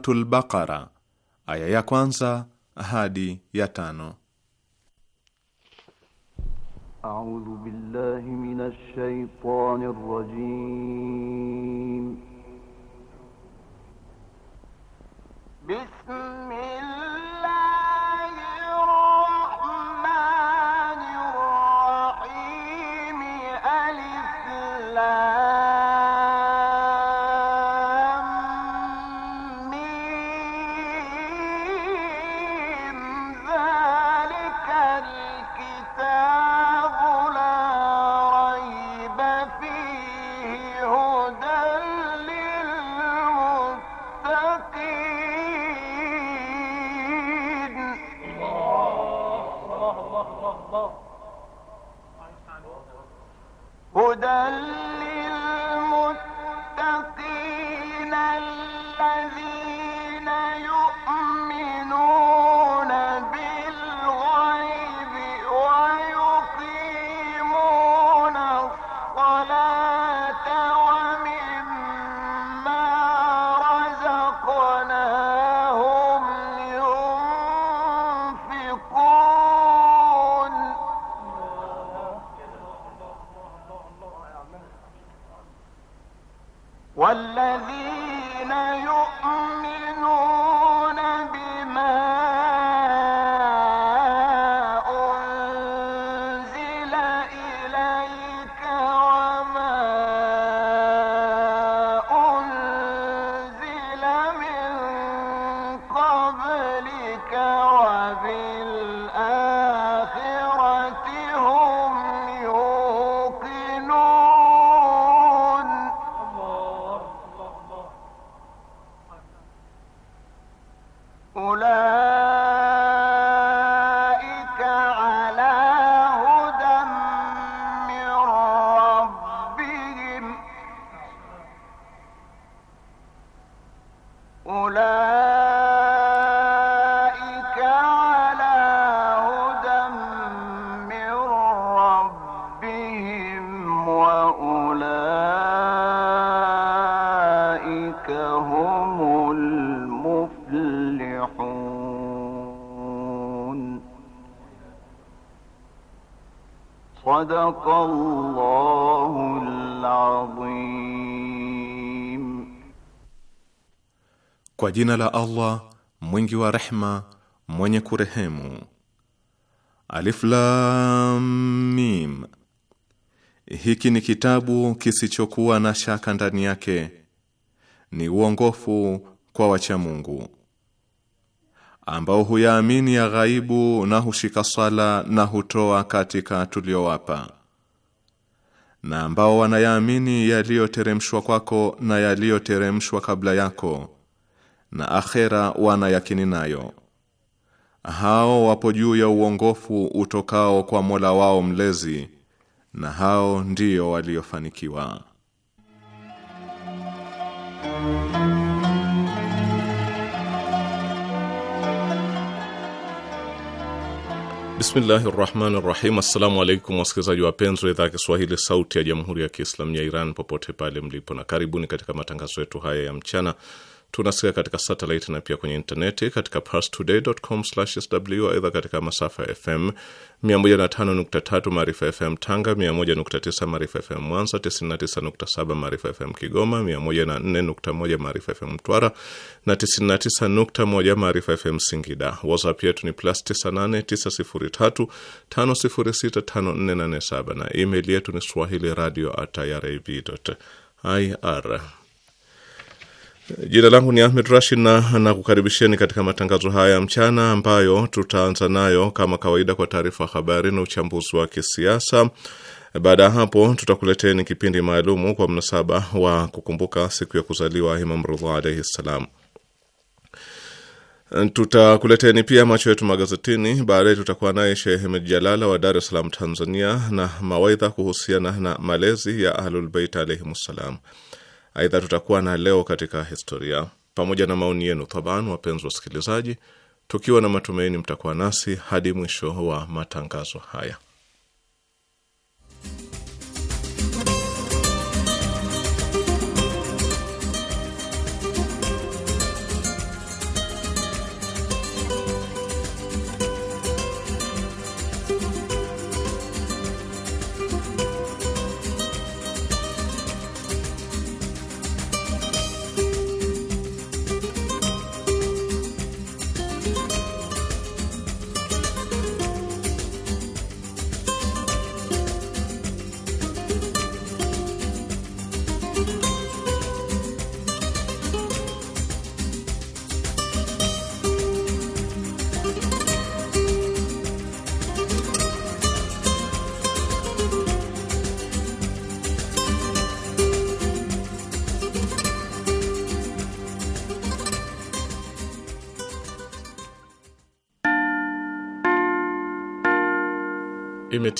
Suratul Baqara aya ya kwanza hadi ya tano. A'udhu billahi minash shaitanir rajim. Bismillah Kwa jina la Allah mwingi wa rehma mwenye kurehemu. Alif Lam Mim. Hiki ni kitabu kisichokuwa na shaka ndani yake ni uongofu kwa wacha Mungu ambao huyaamini ya ghaibu na hushika sala na hutoa katika tuliyowapa na ambao wanayaamini yaliyoteremshwa kwako na yaliyoteremshwa kabla yako na akhera wanayakini nayo hao wapo juu ya uongofu utokao kwa Mola wao mlezi na hao ndiyo waliofanikiwa Bismillahi rahmani rahim. Assalamu alaikum wasikilizaji wapenzi wa idhaa ya Kiswahili sauti ya jamhuri ya Kiislamu ya Iran popote pale mlipo, na karibuni katika matangazo yetu haya ya mchana Tunasikia katika satelaiti na pia kwenye intaneti katika parstoday.com/sw. Aidha, katika masafa ya FM 105.3 Maarifa FM Tanga, 101.9 Maarifa FM Mwanza, 99.7 Maarifa FM Kigoma, 104.1 Maarifa FM Mtwara na 99.1 Maarifa FM Singida. WhatsApp yetu ni plus 989035065487 na email yetu ni swahili radio at irib.ir. Jina langu ni Ahmed Rashid na nakukaribisheni katika matangazo haya ya mchana ambayo tutaanza nayo kama kawaida kwa taarifa habari na uchambuzi wa kisiasa. Baada ya hapo, tutakuleteni kipindi maalumu kwa mnasaba wa kukumbuka siku ya kuzaliwa Imam Ridha alaihi ssalam. Tutakuleteni pia macho yetu magazetini. Baadaye tutakuwa naye Sheikh Ahmed Jalala wa Dar es Salaam, Tanzania, na mawaidha kuhusiana na malezi ya Ahlulbeit alaihim ssalam. Aidha, tutakuwa na leo katika historia pamoja na maoni yenu thaban wapenzi wasikilizaji, tukiwa na matumaini mtakuwa nasi hadi mwisho wa matangazo haya.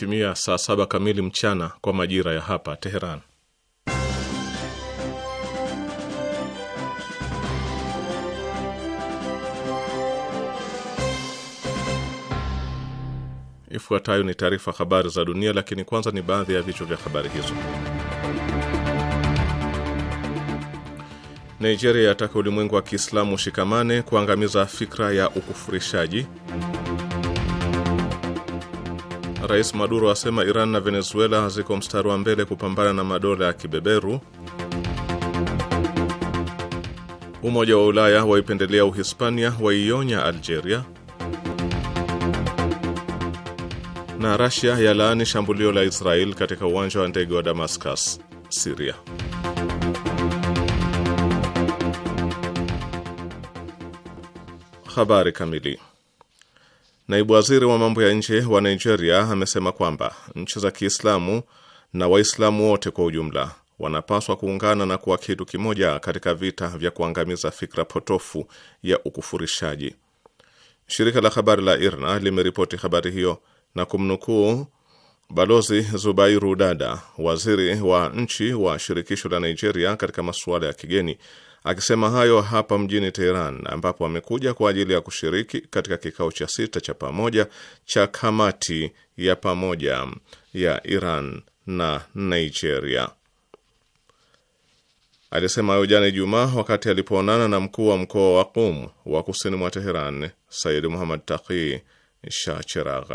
imetimia saa saba kamili mchana kwa majira ya hapa Teheran. Ifuatayo ni taarifa habari za dunia, lakini kwanza ni baadhi ya vichwa vya habari hizo. Nigeria yataka ulimwengu wa Kiislamu ushikamane kuangamiza fikra ya ukufurishaji. Rais Maduro asema Iran na Venezuela ziko mstari wa mbele kupambana na madola ya kibeberu. Umoja wa Ulaya waipendelea Uhispania, waionya Algeria. Na Russia yalaani shambulio la Israel katika uwanja wa ndege wa Damascus, Syria. Habari kamili Naibu waziri wa mambo ya nje wa Nigeria amesema kwamba nchi za Kiislamu na Waislamu wote kwa ujumla wanapaswa kuungana na kuwa kitu kimoja katika vita vya kuangamiza fikra potofu ya ukufurishaji. Shirika la habari la IRNA limeripoti habari hiyo na kumnukuu Balozi Zubairu Dada, waziri wa nchi wa shirikisho la Nigeria katika masuala ya kigeni, Akisema hayo hapa mjini Teheran, ambapo amekuja kwa ajili ya kushiriki katika kikao cha sita cha pamoja cha kamati ya pamoja ya Iran na Nigeria. Alisema hayo jana Ijumaa wakati alipoonana na mkuu wa mkoa wa Qum wa kusini mwa Teheran, Said Muhammad Taqi Shah Cheragh,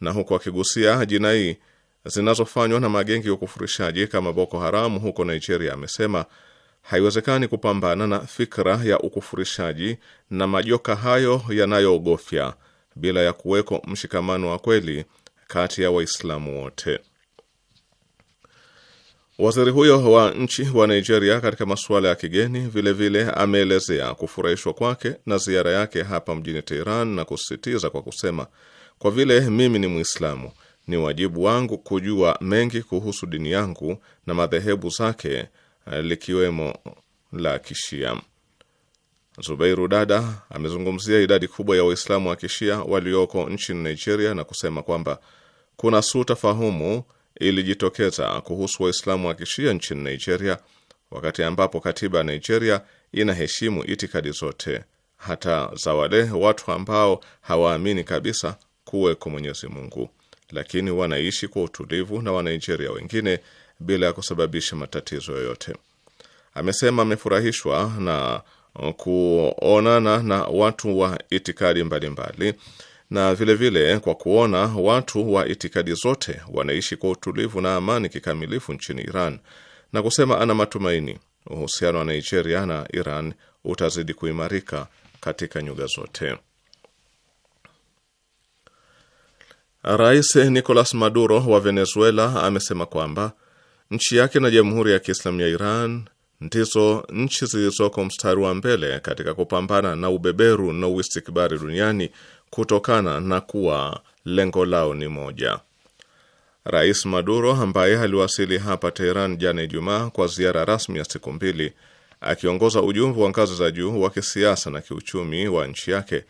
na huku akigusia jinai zinazofanywa na magengi ya ukufurishaji kama Boko Haramu huko Nigeria, amesema haiwezekani kupambana na fikra ya ukufurishaji na majoka hayo yanayoogofya bila ya kuweko mshikamano wa kweli kati ya Waislamu wote. Waziri huyo wa nchi wa Nigeria katika masuala ya kigeni vilevile ameelezea kufurahishwa kwake na ziara yake hapa mjini Teheran na kusisitiza kwa kusema, kwa vile mimi ni Mwislamu, ni wajibu wangu kujua mengi kuhusu dini yangu na madhehebu zake Eh, likiwemo la Kishia. Zubeiru Dada amezungumzia idadi kubwa ya Waislamu wa Kishia walioko nchini Nigeria na kusema kwamba kuna su tafahumu ilijitokeza kuhusu Waislamu wa Kishia nchini Nigeria, wakati ambapo katiba ya Nigeria inaheshimu itikadi zote, hata za wale watu ambao hawaamini kabisa kuweko Mwenyezi Mungu, lakini wanaishi kwa utulivu na Wanigeria wengine bila ya kusababisha matatizo yoyote. Amesema amefurahishwa na kuonana na watu wa itikadi mbalimbali mbali, na vilevile vile kwa kuona watu wa itikadi zote wanaishi kwa utulivu na amani kikamilifu nchini Iran na kusema ana matumaini uhusiano wa Nigeria na Iran utazidi kuimarika katika nyuga zote. Rais Nicolas Maduro wa Venezuela amesema kwamba Nchi yake na Jamhuri ya Kiislamu ya Iran ndizo nchi zilizoko mstari wa mbele katika kupambana na ubeberu na uistikbari duniani kutokana na kuwa lengo lao ni moja. Rais Maduro ambaye aliwasili hapa Teheran jana Ijumaa kwa ziara rasmi ya siku mbili akiongoza ujumbe wa ngazi za juu wa kisiasa na kiuchumi wa nchi yake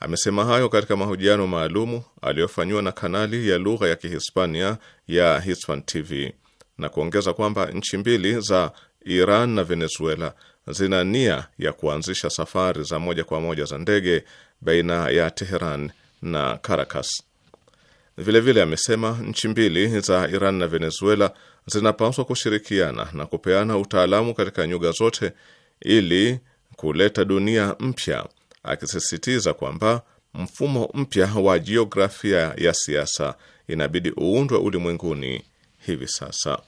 amesema hayo katika mahojiano maalumu aliyofanyiwa na kanali ya lugha ya Kihispania ya Hispan TV na kuongeza kwamba nchi mbili za Iran na Venezuela zina nia ya kuanzisha safari za moja kwa moja za ndege baina ya Teheran na Caracas. Vilevile amesema nchi mbili za Iran na Venezuela zinapaswa kushirikiana na kupeana utaalamu katika nyuga zote ili kuleta dunia mpya, akisisitiza kwamba mfumo mpya wa jiografia ya siasa inabidi uundwe ulimwenguni hivi sasa.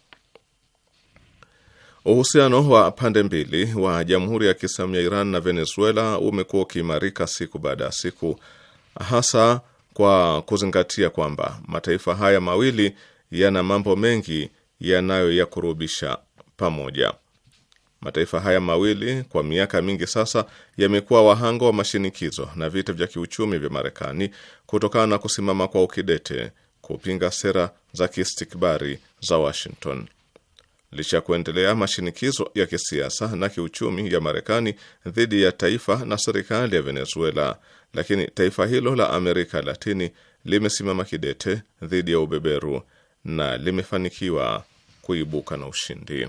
Uhusiano wa pande mbili wa Jamhuri ya Kiislamu ya Iran na Venezuela umekuwa ukiimarika siku baada ya siku, hasa kwa kuzingatia kwamba mataifa haya mawili yana mambo mengi yanayoyakurubisha pamoja. Mataifa haya mawili kwa miaka mingi sasa yamekuwa wahanga wa mashinikizo na vita vya kiuchumi vya Marekani kutokana na kusimama kwa ukidete kupinga sera za kiistikbari za Washington. Licha ya kuendelea mashinikizo ya kisiasa na kiuchumi ya Marekani dhidi ya taifa na serikali ya Venezuela, lakini taifa hilo la Amerika Latini limesimama kidete dhidi ya ubeberu na limefanikiwa kuibuka na ushindi.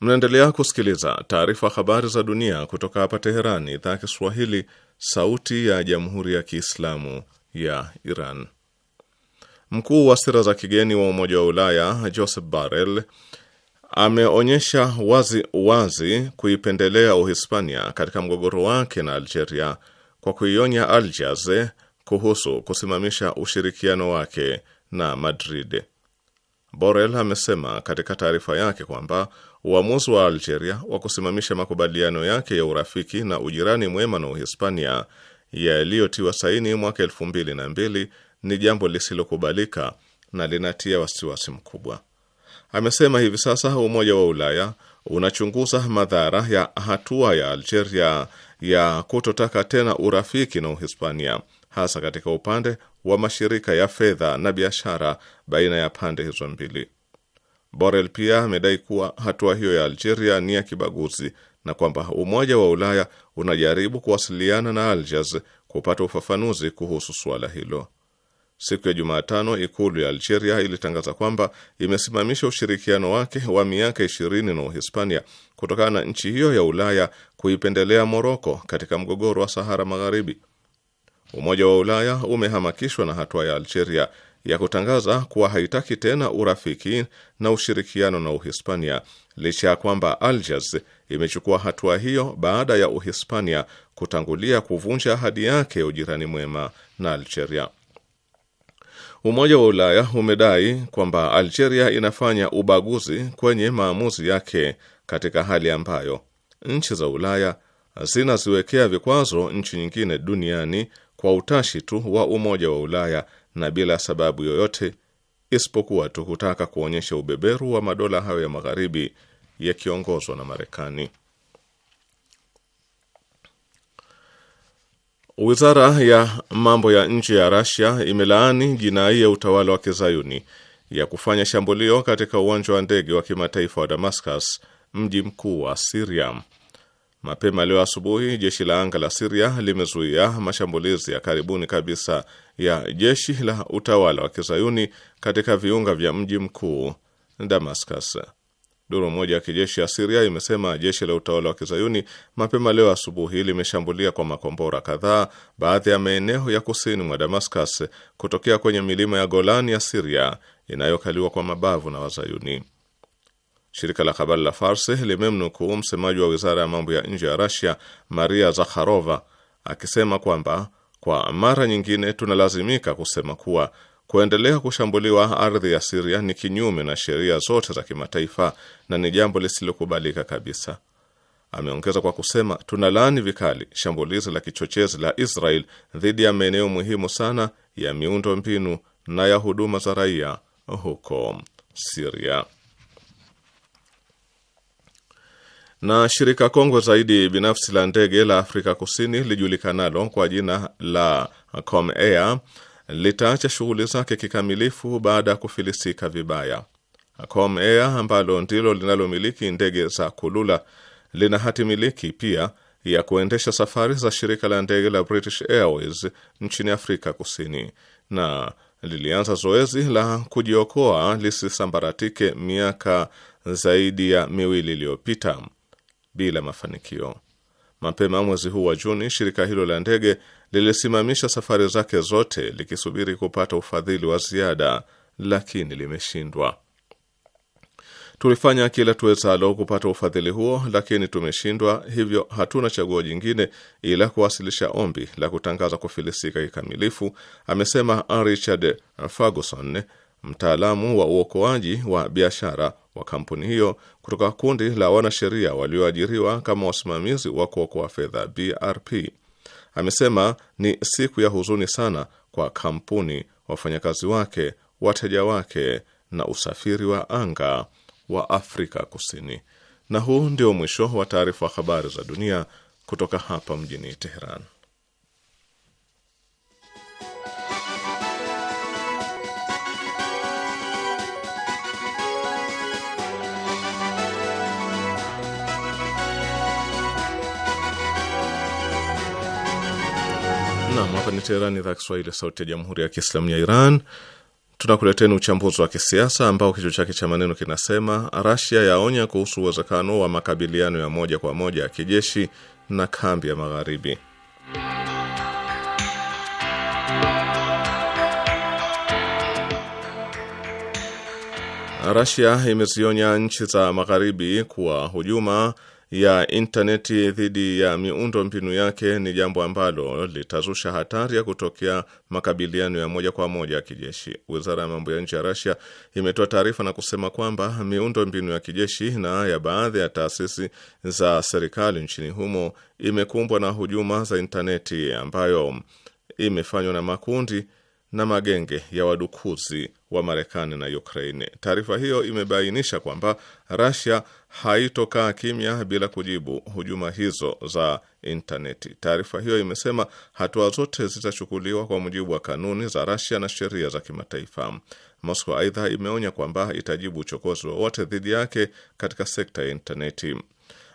Mnaendelea kusikiliza taarifa habari za dunia kutoka hapa Teherani, idhaa ya Kiswahili, Sauti ya Jamhuri ya Kiislamu ya Iran. Mkuu wa sera za kigeni wa Umoja wa Ulaya Joseph Borrell ameonyesha wazi wazi kuipendelea Uhispania katika mgogoro wake na Algeria kwa kuionya Algiers kuhusu kusimamisha ushirikiano wake na Madrid. Borrell amesema katika taarifa yake kwamba Uamuzi wa Algeria wa kusimamisha makubaliano yake ya urafiki na ujirani mwema na Uhispania yaliyotiwa saini mwaka elfu mbili na mbili ni jambo lisilokubalika na linatia wasiwasi mkubwa. Amesema hivi sasa Umoja wa Ulaya unachunguza madhara ya hatua ya Algeria ya kutotaka tena urafiki na Uhispania, hasa katika upande wa mashirika ya fedha na biashara baina ya pande hizo mbili. Borel pia amedai kuwa hatua hiyo ya Algeria ni ya kibaguzi na kwamba Umoja wa Ulaya unajaribu kuwasiliana na Algiers kupata ufafanuzi kuhusu suala hilo. Siku ya Jumatano, ikulu ya Algeria ilitangaza kwamba imesimamisha ushirikiano wake wa miaka 20 na Uhispania kutokana na nchi hiyo ya Ulaya kuipendelea Moroko katika mgogoro wa Sahara Magharibi. Umoja wa Ulaya umehamakishwa na hatua ya Algeria ya kutangaza kuwa haitaki tena urafiki na ushirikiano na Uhispania licha ya kwamba Algiers imechukua hatua hiyo baada ya Uhispania kutangulia kuvunja ahadi yake ya ujirani mwema na Algeria. Umoja wa Ulaya umedai kwamba Algeria inafanya ubaguzi kwenye maamuzi yake katika hali ambayo nchi za Ulaya zinaziwekea vikwazo nchi nyingine duniani kwa utashi tu wa Umoja wa Ulaya na bila sababu yoyote isipokuwa tu kutaka kuonyesha ubeberu wa madola hayo ya magharibi yakiongozwa na Marekani. Wizara ya mambo ya nje ya Rasia imelaani jinai ya utawala wa kizayuni ya kufanya shambulio katika uwanja wa ndege wa kimataifa wa Damascus, mji mkuu wa Siria Mapema leo asubuhi, jeshi la anga la Siria limezuia mashambulizi ya karibuni kabisa ya jeshi la utawala wa kizayuni katika viunga vya mji mkuu Damascus. Duru moja ya kijeshi ya Siria imesema jeshi la utawala wa kizayuni mapema leo asubuhi limeshambulia kwa makombora kadhaa baadhi ya maeneo ya kusini mwa Damascus kutokea kwenye milima ya Golani ya Siria inayokaliwa kwa mabavu na Wazayuni. Shirika la habari la Farsi limemnukuu msemaji wa wizara ya mambo ya nje ya Rasia, Maria Zakharova, akisema kwamba kwa mara nyingine tunalazimika kusema kuwa kuendelea kushambuliwa ardhi ya Siria ni kinyume na sheria zote za kimataifa na ni jambo lisilokubalika kabisa. Ameongeza kwa kusema, tunalaani vikali shambulizi la kichochezi la Israel dhidi ya maeneo muhimu sana ya miundo mbinu na ya huduma za raia huko Siria. Na shirika kongwe zaidi binafsi la ndege la Afrika Kusini lijulikanalo kwa jina la Comair litaacha shughuli zake kikamilifu baada ya kufilisika vibaya. Comair ambalo ndilo linalomiliki ndege za Kulula lina hati miliki pia ya kuendesha safari za shirika la ndege la British Airways nchini Afrika Kusini na lilianza zoezi la kujiokoa lisisambaratike miaka zaidi ya miwili iliyopita bila mafanikio. Mapema mwezi huu wa Juni, shirika hilo la ndege lilisimamisha safari zake zote likisubiri kupata ufadhili wa ziada, lakini limeshindwa. Tulifanya kila tuwezalo kupata ufadhili huo, lakini tumeshindwa. Hivyo hatuna chaguo jingine ila kuwasilisha ombi la kutangaza kufilisika kikamilifu, amesema Richard Ferguson, mtaalamu wa uokoaji wa biashara wa kampuni hiyo kutoka kundi la wanasheria walioajiriwa kama wasimamizi wa kuokoa fedha BRP. Amesema ni siku ya huzuni sana kwa kampuni, wafanyakazi wake, wateja wake na usafiri wa anga wa Afrika Kusini. Na huu ndio mwisho wa taarifa habari za dunia kutoka hapa mjini Teheran. ni Teheran, idhaa Kiswahili, sauti ya jamhuri ya kiislamu ya Iran. Tunakuleteni uchambuzi wa kisiasa ambao kichwa chake cha maneno kinasema: Rasia yaonya kuhusu uwezekano wa makabiliano ya moja kwa moja ya kijeshi na kambi ya magharibi. Rasia imezionya nchi za magharibi kuwa hujuma ya intaneti dhidi ya miundo mbinu yake ni jambo ambalo litazusha hatari ya kutokea makabiliano ya moja kwa moja ya kijeshi. Wizara ya mambo ya nje ya Rasia imetoa taarifa na kusema kwamba miundo mbinu ya kijeshi na ya baadhi ya taasisi za serikali nchini humo imekumbwa na hujuma za intaneti ambayo imefanywa na makundi na magenge ya wadukuzi wa Marekani na Ukraine. Taarifa hiyo imebainisha kwamba Rasia haitokaa kimya bila kujibu hujuma hizo za intaneti. Taarifa hiyo imesema hatua zote zitachukuliwa kwa mujibu wa kanuni za Rasia na sheria za kimataifa. Moscow aidha imeonya kwamba itajibu uchokozi wowote dhidi yake katika sekta ya intaneti.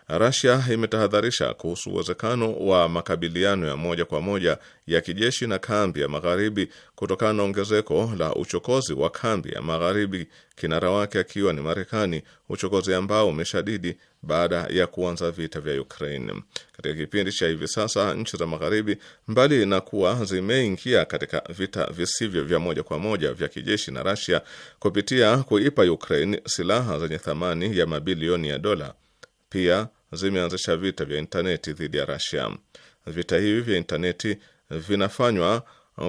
Rasia imetahadharisha kuhusu uwezekano wa makabiliano ya moja kwa moja ya kijeshi na kambi ya magharibi kutokana na ongezeko la uchokozi wa kambi ya magharibi, kinara wake akiwa ni Marekani, uchokozi ambao umeshadidi baada ya kuanza vita vya Ukraine. Katika kipindi cha hivi sasa, nchi za magharibi, mbali na kuwa zimeingia katika vita visivyo vya moja kwa moja vya kijeshi na Rasia kupitia kuipa Ukraine silaha zenye thamani ya mabilioni ya dola, pia zimeanzisha vita vya intaneti dhidi ya Rasia. Vita hivi vya intaneti vinafanywa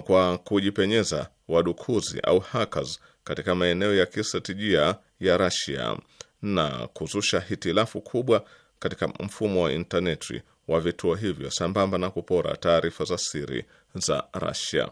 kwa kujipenyeza wadukuzi au hackers katika maeneo ya kistratejia ya Rasia na kuzusha hitilafu kubwa katika mfumo wa intaneti wa vituo hivyo sambamba na kupora taarifa za siri za Rasia.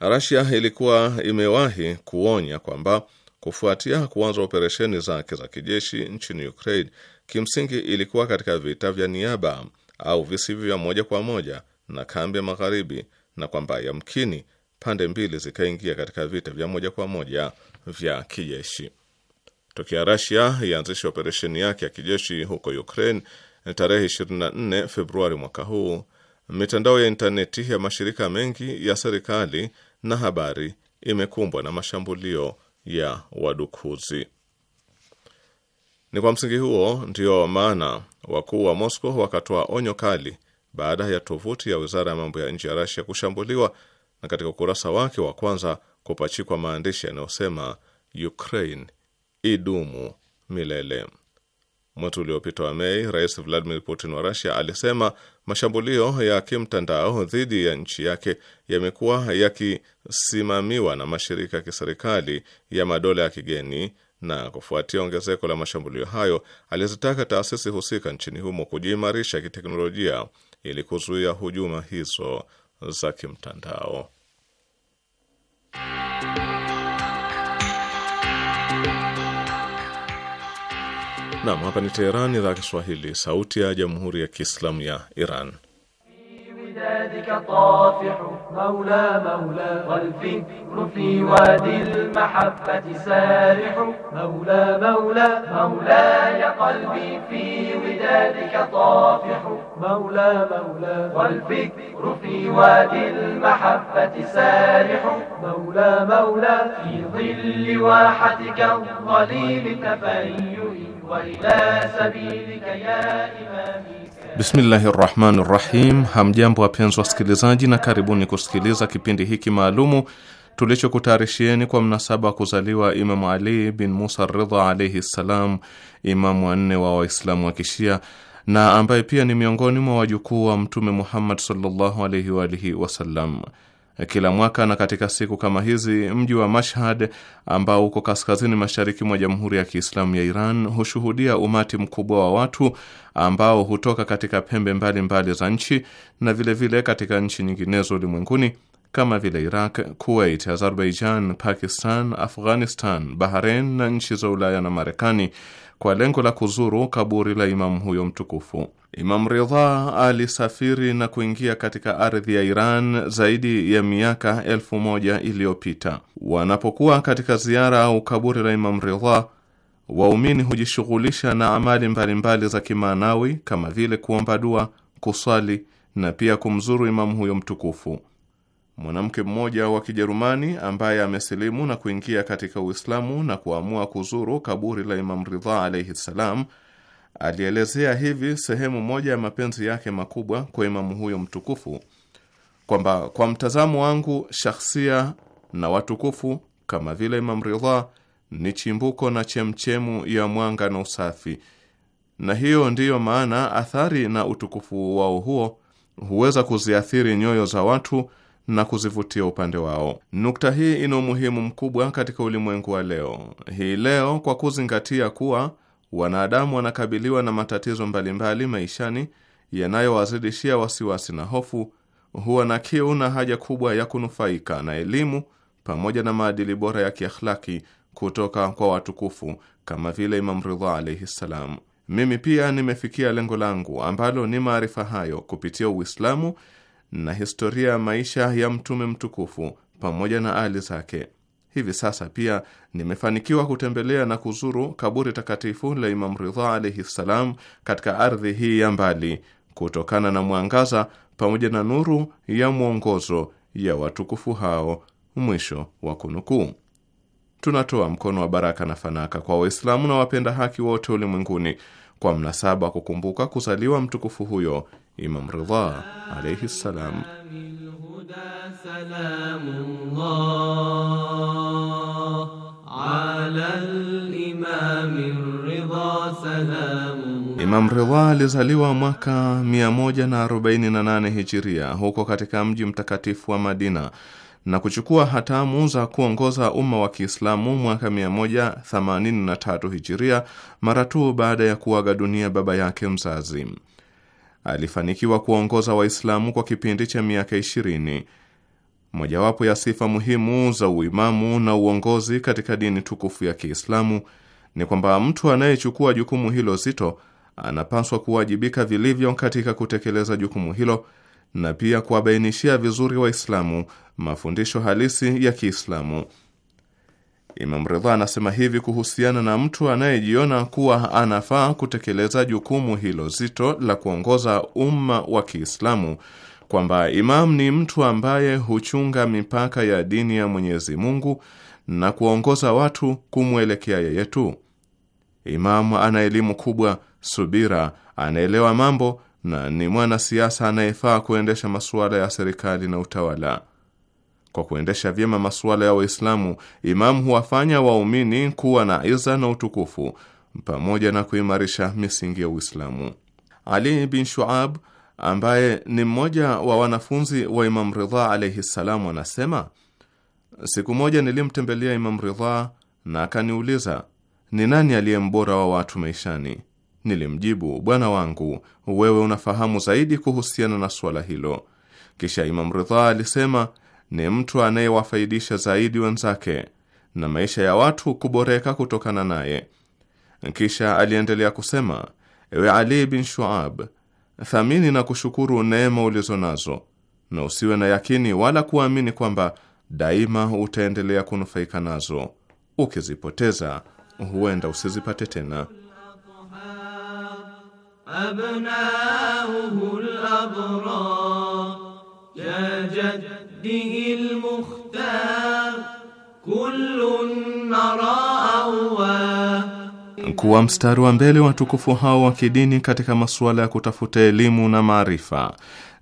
Rasia ilikuwa imewahi kuonya kwamba kufuatia kuanza operesheni zake za kijeshi nchini Ukraine kimsingi ilikuwa katika vita vya niaba au visivyo vya moja kwa moja na kambi ya magharibi, na kwamba yamkini pande mbili zikaingia katika vita vya moja kwa moja vya kijeshi. Tokea Rasia ianzisha operesheni yake ya kijeshi huko Ukraine tarehe 24 Februari mwaka huu, mitandao ya intaneti ya mashirika mengi ya serikali na habari imekumbwa na mashambulio ya wadukuzi. Ni kwa msingi huo ndiyo maana wakuu wa Moscow wakatoa onyo kali baada ya tovuti ya wizara ya mambo ya nje ya rasia kushambuliwa na katika ukurasa wake wa kwanza kupachikwa maandishi yanayosema Ukraine idumu milele. Mwezi uliopita wa Mei, Rais Vladimir Putin wa Russia alisema mashambulio ya kimtandao dhidi ya nchi yake yamekuwa yakisimamiwa na mashirika ya kiserikali ya madola ya kigeni na kufuatia ongezeko la mashambulio hayo, alizitaka taasisi husika nchini humo kujiimarisha kiteknolojia ili kuzuia hujuma hizo za kimtandao. Nam, hapa ni Teherani, idhaa Kiswahili, sauti ya jamhuri ya kiislamu ya Iran. بلادك طافح مولى مولى والفكر في وادي المحبة سارح مولى مولى مولاي قلبي في ودادك طافح مولى مولى والفكر في وادي المحبة سارح مولى مولى في ظل واحتك الظليل تفيئ وإلى سبيلك يا إمامي Bismillahi rahmani rahim. Hamjambo wapenzi wasikilizaji, na karibuni kusikiliza kipindi hiki maalumu tulichokutayarishieni kwa mnasaba wa kuzaliwa Imamu Ali bin Musa Ridha alaihi ssalam, imamu wanne wa Waislamu wa Kishia na ambaye pia ni miongoni mwa wajukuu wa Mtume Muhammad sallallahu alaihi waalihi wasallam. Eh, kila mwaka na katika siku kama hizi mji wa Mashhad ambao uko kaskazini mashariki mwa Jamhuri ya Kiislamu ya Iran hushuhudia umati mkubwa wa watu ambao hutoka katika pembe mbalimbali za nchi na vilevile vile katika nchi nyinginezo ulimwenguni kama vile Iraq, Kuwait, Azerbaijan, Pakistan, Afghanistan, Bahrain na nchi za Ulaya na Marekani kwa lengo la kuzuru kaburi la imamu huyo mtukufu. Imam Ridha alisafiri na kuingia katika ardhi ya Iran zaidi ya miaka elfu moja iliyopita. Wanapokuwa katika ziara au kaburi la Imam Ridha, waumini hujishughulisha na amali mbalimbali za kimaanawi kama vile kuomba dua, kuswali na pia kumzuru imamu huyo mtukufu. Mwanamke mmoja wa Kijerumani ambaye amesilimu na kuingia katika Uislamu na kuamua kuzuru kaburi la Imam Ridha alaihi ssalam, alielezea hivi sehemu moja ya mapenzi yake makubwa kwa imamu huyo mtukufu kwamba kwa mtazamo wangu shakhsia na watukufu kama vile Imam Ridha ni chimbuko na chemchemu ya mwanga na usafi, na hiyo ndiyo maana athari na utukufu wao huo huweza kuziathiri nyoyo za watu na kuzivutia upande wao. Nukta hii ina umuhimu mkubwa katika ulimwengu wa leo hii. Leo, kwa kuzingatia kuwa wanadamu wanakabiliwa na matatizo mbalimbali maishani yanayowazidishia wasiwasi na hofu, huwa na kiu na haja kubwa ya kunufaika na elimu pamoja na maadili bora ya kiakhlaki kutoka kwa watukufu kama vile Imam Ridha alaihi ssalam. Mimi pia nimefikia lengo langu ambalo ni maarifa hayo kupitia Uislamu na historia ya maisha ya mtume mtukufu pamoja na ali zake. Hivi sasa pia nimefanikiwa kutembelea na kuzuru kaburi takatifu la Imam Ridha alaihi ssalam katika ardhi hii ya mbali, kutokana na mwangaza pamoja na nuru ya mwongozo ya watukufu hao. Mwisho wa kunukuu. Tunatoa mkono wa baraka na fanaka kwa Waislamu na wapenda haki wote ulimwenguni kwa mnasaba wa kukumbuka kuzaliwa mtukufu huyo Imam Ridha alayhi salam. Imam Ridha alizaliwa mwaka 148 Hijiria huko katika mji mtakatifu wa Madina na kuchukua hatamu za kuongoza umma wa Kiislamu mwaka 183 Hijiria mara tu baada ya kuaga dunia baba yake mzazi alifanikiwa kuongoza Waislamu kwa kipindi cha miaka ishirini. Mojawapo ya sifa muhimu za uimamu na uongozi katika dini tukufu ya Kiislamu ni kwamba mtu anayechukua jukumu hilo zito anapaswa kuwajibika vilivyo katika kutekeleza jukumu hilo na pia kuwabainishia vizuri Waislamu mafundisho halisi ya Kiislamu. Imam Ridha anasema hivi kuhusiana na mtu anayejiona kuwa anafaa kutekeleza jukumu hilo zito la kuongoza umma wa Kiislamu kwamba imam ni mtu ambaye huchunga mipaka ya dini ya Mwenyezi Mungu na kuongoza watu kumwelekea yeye tu. Imamu ana elimu kubwa, subira, anaelewa mambo na ni mwanasiasa anayefaa kuendesha masuala ya serikali na utawala. Kwa kuendesha vyema masuala ya Waislamu, imamu huwafanya waumini kuwa na iza na utukufu pamoja na kuimarisha misingi ya Uislamu. Ali bin Shuab ambaye ni mmoja wa wanafunzi wa Imam Ridha alaihi ssalam, anasema siku moja nilimtembelea Imam Ridha na akaniuliza ni nani aliye mbora wa watu maishani? Nilimjibu, bwana wangu, wewe unafahamu zaidi kuhusiana na suala hilo. Kisha Imam Ridha alisema ni mtu anayewafaidisha zaidi wenzake na maisha ya watu kuboreka kutokana naye. Kisha aliendelea kusema, ewe Ali bin Shuab, thamini na kushukuru neema ulizo nazo na usiwe na yakini wala kuamini kwamba daima utaendelea kunufaika nazo. Ukizipoteza huenda usizipate tena kuwa mstari wa mbele watukufu hao wa kidini katika masuala ya kutafuta elimu na maarifa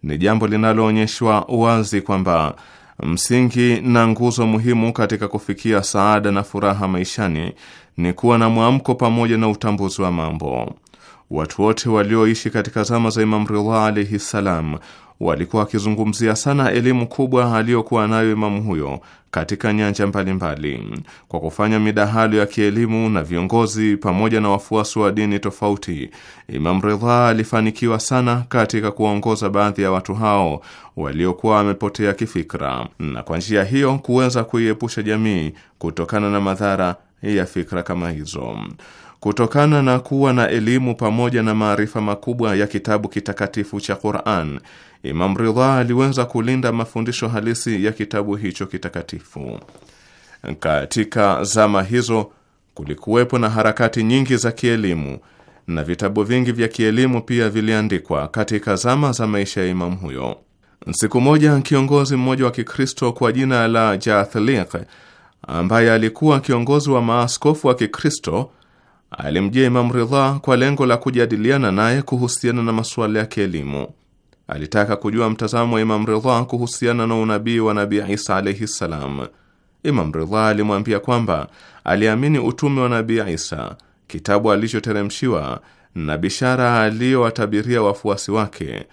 ni jambo linaloonyeshwa wazi kwamba msingi na nguzo muhimu katika kufikia saada na furaha maishani ni kuwa na mwamko pamoja na utambuzi wa mambo. Watu wote walioishi katika zama za Imam Ridha alaihi ssalam walikuwa wakizungumzia sana elimu kubwa aliyokuwa nayo imamu huyo katika nyanja mbalimbali mbali. Kwa kufanya midahalo ya kielimu na viongozi pamoja na wafuasi wa dini tofauti, Imam Ridha alifanikiwa sana katika kuwaongoza baadhi ya watu hao waliokuwa wamepotea kifikra, na kwa njia hiyo kuweza kuiepusha jamii kutokana na madhara ya fikra kama hizo. Kutokana na kuwa na elimu pamoja na maarifa makubwa ya kitabu kitakatifu cha Qur'an, Imam Ridha aliweza kulinda mafundisho halisi ya kitabu hicho kitakatifu. Katika zama hizo kulikuwepo na harakati nyingi za kielimu na vitabu vingi vya kielimu pia viliandikwa katika zama za maisha ya imamu huyo. Siku moja kiongozi mmoja wa Kikristo kwa jina la Jathliq ambaye alikuwa kiongozi wa maaskofu wa Kikristo alimjia Imam Ridha kwa lengo la kujadiliana naye kuhusiana na masuala ya kielimu. Alitaka kujua mtazamo wa Imam Ridha kuhusiana na unabii wa Nabii Isa alaihi ssalam. Imam Ridha alimwambia kwamba aliamini utume wa Nabii Isa, kitabu alichoteremshiwa na bishara aliyowatabiria wafuasi wake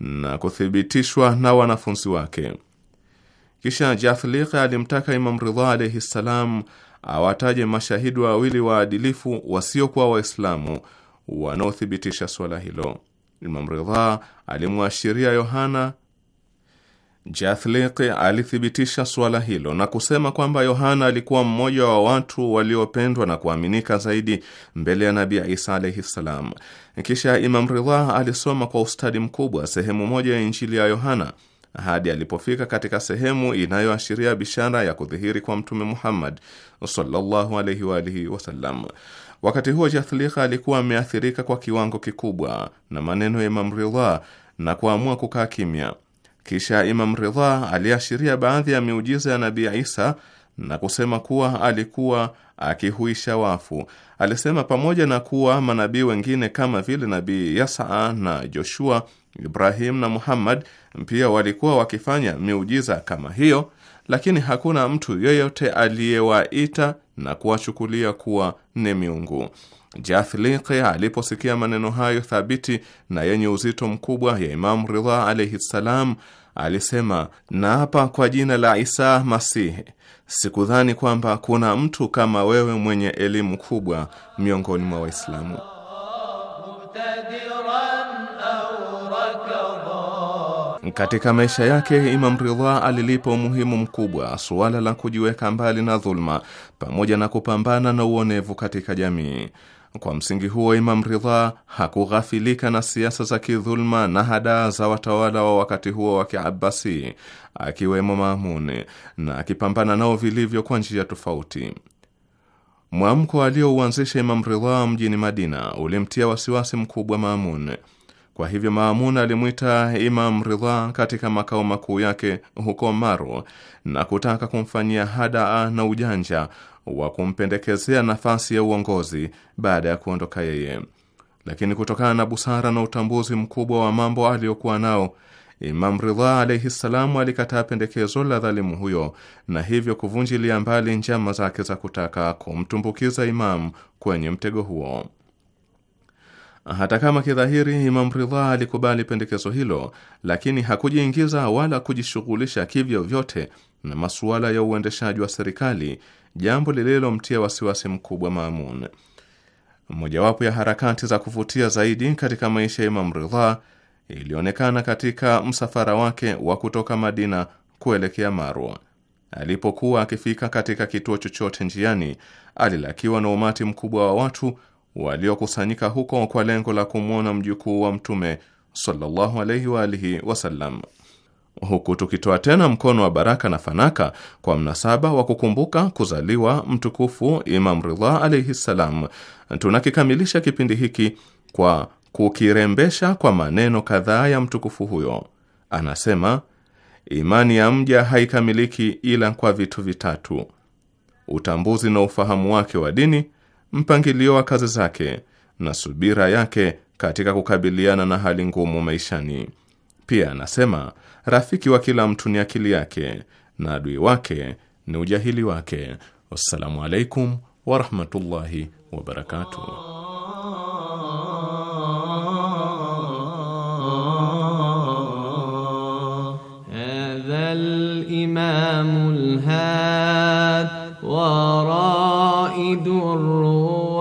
na kuthibitishwa na wanafunzi wake. Kisha Jathliq alimtaka Imam Ridha alaihi ssalam awataje mashahidi wawili waadilifu wasiokuwa Waislamu wanaothibitisha swala hilo. Imam Ridha alimwashiria Yohana jathliki alithibitisha suala hilo na kusema kwamba Yohana alikuwa mmoja wa watu waliopendwa na kuaminika zaidi mbele ya Nabii Isa alaihi ssalam. Kisha Imam Ridha alisoma kwa ustadi mkubwa sehemu moja ya Injili ya Yohana hadi alipofika katika sehemu inayoashiria bishara ya kudhihiri kwa Mtume Muhammad sallallahu alaihi wa alihi wasallam. Wakati huo Jathlikha alikuwa ameathirika kwa kiwango kikubwa na maneno ya Imam Ridha na kuamua kukaa kimya. Kisha Imam Ridha aliashiria baadhi ya miujiza ya Nabii Isa na kusema kuwa alikuwa akihuisha wafu. Alisema pamoja na kuwa manabii wengine kama vile Nabii Yasa na Joshua, Ibrahim na Muhammad pia walikuwa wakifanya miujiza kama hiyo, lakini hakuna mtu yeyote aliyewaita na kuwachukulia kuwa ni miungu. Jathliqi aliposikia maneno hayo thabiti na yenye uzito mkubwa ya Imamu Ridha alaihi ssalam, alisema naapa kwa jina la Isa Masihi Sikudhani kwamba kuna mtu kama wewe mwenye elimu kubwa miongoni mwa Waislamu. Katika maisha yake Imam Ridha alilipa umuhimu mkubwa suala la kujiweka mbali na dhulma pamoja na kupambana na uonevu katika jamii. Kwa msingi huo, Imam Ridha hakughafilika na siasa za kidhulma na hadaa za watawala wa wakati huo wa Kiabasi, akiwemo Mamun, na akipambana nao vilivyo kwa njia tofauti. Mwamko aliyouanzisha Imam Ridha mjini Madina ulimtia wasiwasi mkubwa Maamun. Kwa hivyo Maamun alimwita Imam Ridha katika makao makuu yake huko Maru na kutaka kumfanyia hadaa na ujanja wa kumpendekezea nafasi ya uongozi baada ya kuondoka yeye, lakini kutokana na busara na utambuzi mkubwa wa mambo aliyokuwa nao Imam Ridha alaihi ssalamu alikataa pendekezo la dhalimu huyo na hivyo kuvunjilia mbali njama zake za kutaka kumtumbukiza Imam kwenye mtego huo. Hata kama kidhahiri Imam Ridha alikubali pendekezo hilo, lakini hakujiingiza wala kujishughulisha kivyo vyote na masuala ya uendeshaji wa serikali, jambo lililomtia wasiwasi mkubwa Mamun. Mojawapo ya harakati za kuvutia zaidi katika maisha ya Imam Ridha ilionekana katika msafara wake wa kutoka Madina kuelekea Marwa. Alipokuwa akifika katika kituo chochote njiani, alilakiwa na umati mkubwa wa watu waliokusanyika huko kwa lengo la kumwona mjukuu wa Mtume sallallahu alaihi wa alihi wasallam huku tukitoa tena mkono wa baraka na fanaka kwa mnasaba wa kukumbuka kuzaliwa mtukufu Imam Ridha alaihi ssalam. Tunakikamilisha kipindi hiki kwa kukirembesha kwa maneno kadhaa ya mtukufu huyo. Anasema, imani ya mja haikamiliki ila kwa vitu vitatu: utambuzi na ufahamu wake wa dini, mpangilio wa kazi zake na subira yake katika kukabiliana na hali ngumu maishani. Pia anasema Rafiki wa kila mtu ni akili yake na adui wake ni ujahili wake. Wassalamu alaikum warahmatullahi wabarakatuh. الإمام الهاد ورائد الروح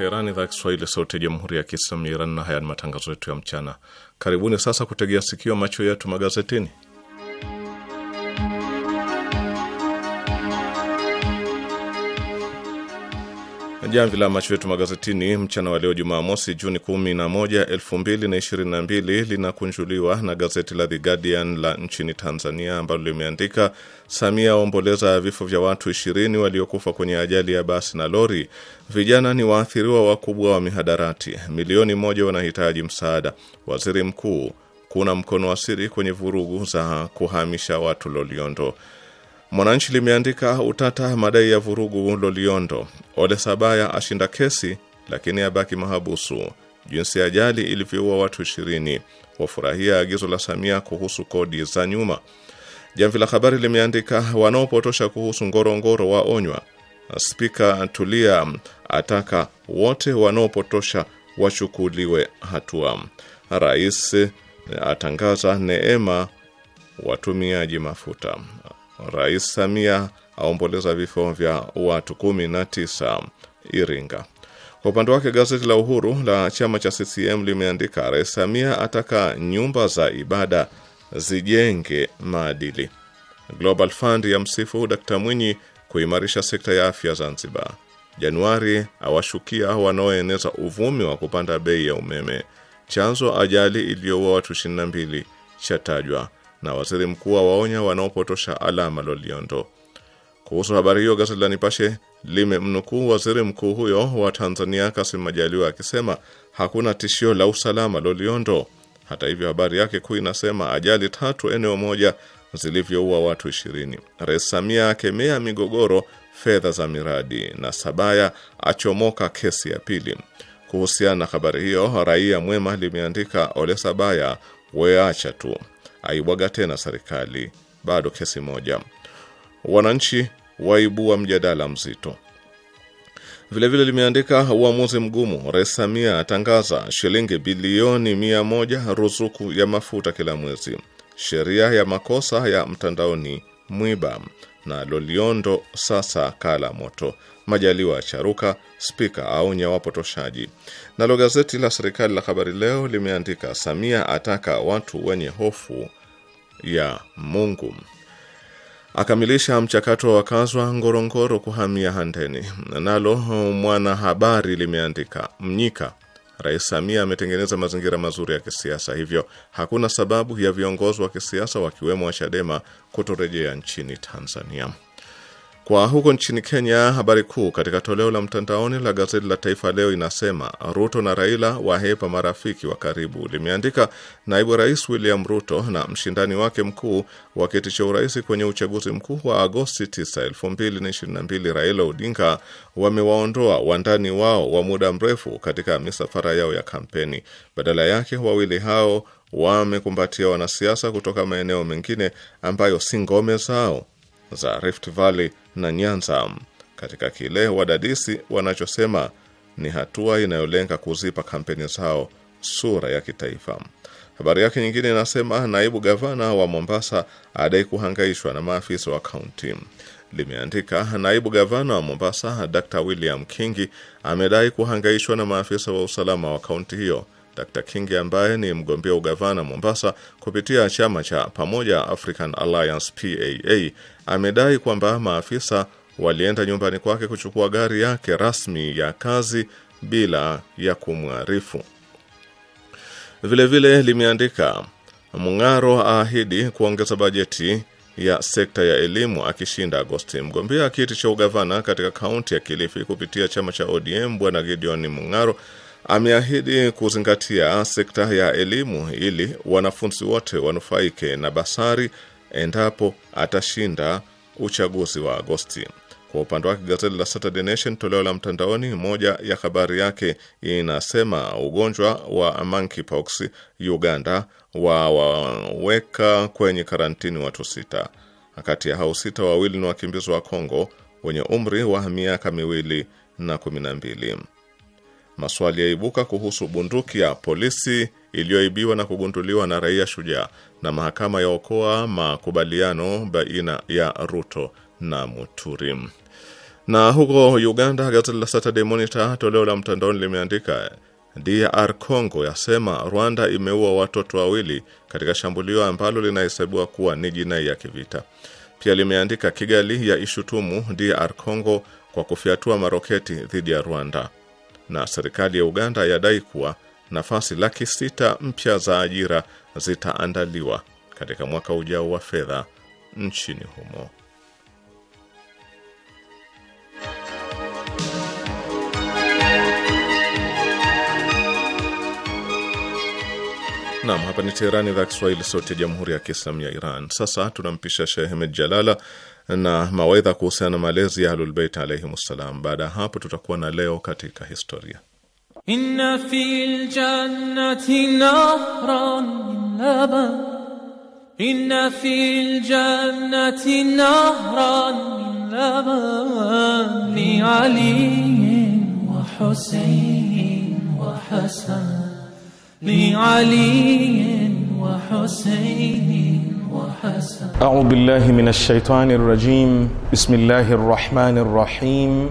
Teheran, idhaa Kiswahili, sauti ya jamhuri ya kiislamu ya Iran. Na haya ni matangazo yetu ya mchana. Karibuni sasa kutegea sikio, macho yetu magazetini. Jamvi la macho yetu magazetini mchana wa leo Jumamosi, Juni 11, 2022 linakunjuliwa na gazeti la The Guardian la nchini Tanzania ambalo limeandika Samia aomboleza vifo vya watu 20 waliokufa kwenye ajali ya basi na lori. Vijana ni waathiriwa wakubwa wa mihadarati, milioni moja wanahitaji msaada. Waziri Mkuu, kuna mkono wa siri kwenye vurugu za kuhamisha watu Loliondo. Mwananchi limeandika utata madai ya vurugu Loliondo, Ole Sabaya ashinda kesi lakini abaki mahabusu, jinsi ajali ilivyoua watu ishirini, wafurahia agizo la Samia kuhusu kodi za nyuma. Jamvi la Habari limeandika wanaopotosha kuhusu Ngorongoro waonywa, Spika Tulia ataka wote wanaopotosha wachukuliwe hatua, Rais atangaza neema watumiaji mafuta. Rais Samia aomboleza vifo vya watu 19 Iringa. Kwa upande wake gazeti la Uhuru la chama cha CCM limeandika Rais Samia ataka nyumba za ibada zijenge maadili. Global Fund ya msifu Dkt Mwinyi kuimarisha sekta ya afya Zanzibar. Januari awashukia wanaoeneza uvumi wa kupanda bei ya umeme. Chanzo ajali iliyoua watu 22 chatajwa na waziri mkuu waonya wanaopotosha alama Loliondo. Kuhusu habari hiyo, gazeti la Nipashe limemnukuu waziri mkuu huyo wa Tanzania Kasim Majaliwa akisema hakuna tishio la usalama Loliondo. Hata hivyo, habari yake kuu inasema ajali tatu eneo moja zilivyoua watu ishirini. Rais Samia akemea migogoro fedha za miradi, na Sabaya achomoka kesi ya pili. Kuhusiana na habari hiyo, Raia Mwema limeandika ole Sabaya weacha tu aibwaga tena serikali. Bado kesi moja. Wananchi waibua mjadala mzito. Vilevile limeandika uamuzi mgumu, Rais Samia atangaza shilingi bilioni mia moja ruzuku ya mafuta kila mwezi. Sheria ya makosa ya mtandaoni mwiba na Loliondo sasa kala moto. Majaliwa acharuka, spika aunya wapotoshaji. Nalo gazeti la serikali la Habari Leo limeandika Samia ataka watu wenye hofu ya Mungu akamilisha mchakato wa wakazi wa Ngorongoro kuhamia Handeni. Nalo Mwanahabari limeandika Mnyika, Rais Samia ametengeneza mazingira mazuri ya kisiasa, hivyo hakuna sababu ya viongozi wa kisiasa wakiwemo wa Chadema kutorejea nchini Tanzania. Kwa huko nchini Kenya, habari kuu katika toleo la mtandaoni la gazeti la Taifa Leo inasema Ruto na Raila wahepa marafiki wa karibu. Limeandika naibu rais William Ruto na mshindani wake mkuu wa kiti cha urais kwenye uchaguzi mkuu wa Agosti 9, 2022, Raila Odinga wamewaondoa wandani wao wa muda mrefu katika misafara yao ya kampeni. Badala yake wawili hao wamekumbatia wanasiasa kutoka maeneo mengine ambayo si ngome zao za Rift Valley na Nyanza katika kile wadadisi wanachosema ni hatua inayolenga kuzipa kampeni zao sura ya kitaifa. Habari yake nyingine inasema naibu gavana wa Mombasa adai kuhangaishwa na maafisa wa kaunti. Limeandika naibu gavana wa Mombasa Dr. William Kingi amedai kuhangaishwa na maafisa wa usalama wa kaunti hiyo. Dr. Kingi ambaye ni mgombea ugavana Mombasa kupitia chama cha Pamoja African Alliance PAA amedai kwamba maafisa walienda nyumbani kwake kuchukua gari yake rasmi ya kazi bila ya kumwarifu. Vilevile limeandika Mung'aro aahidi kuongeza bajeti ya sekta ya elimu akishinda Agosti. Mgombea kiti cha ugavana katika kaunti ya Kilifi kupitia chama cha ODM Bwana Gideon Mung'aro ameahidi kuzingatia sekta ya elimu ili wanafunzi wote wanufaike na basari endapo atashinda uchaguzi wa Agosti. Kwa upande wake gazeti la Saturday Nation toleo la mtandaoni, moja ya habari yake inasema ugonjwa wa monkeypox Uganda wawaweka kwenye karantini watu sita. Kati ya hao sita, wawili ni wakimbizi wa Kongo wenye umri wa miaka miwili na kumi na mbili maswali yaibuka kuhusu bunduki ya polisi iliyoibiwa na kugunduliwa na raia shujaa, na mahakama yaokoa makubaliano baina ya Ruto na Muturi. Na huko Uganda, gazeti la Saturday Monitor toleo la mtandaoni limeandika DR Congo yasema Rwanda imeua watoto wawili katika shambulio ambalo linahesabiwa kuwa ni jinai ya kivita. Pia limeandika Kigali ya ishutumu DR Congo kwa kufyatua maroketi dhidi ya Rwanda na serikali ya Uganda yadai kuwa nafasi laki sita mpya za ajira zitaandaliwa katika mwaka ujao wa fedha nchini humo. Nam, hapa ni Teherani, idhaa Kiswahili, sauti ya jamhuri ya kiislamu ya Iran. Sasa tunampisha Shehe Jalala na mawaidha kuhusiana na malezi ya Ahlulbeit alaihim ssalam. Baada ya hapo, tutakuwa na leo katika historia. Inna fil jannati nahran min laban, inna fil jannati nahran min laban li Ali wa Husayn wa Hasan li Ali wa Husayn وحسن أعوذ بالله من الشيطان الرجيم بسم الله الرحمن الرحيم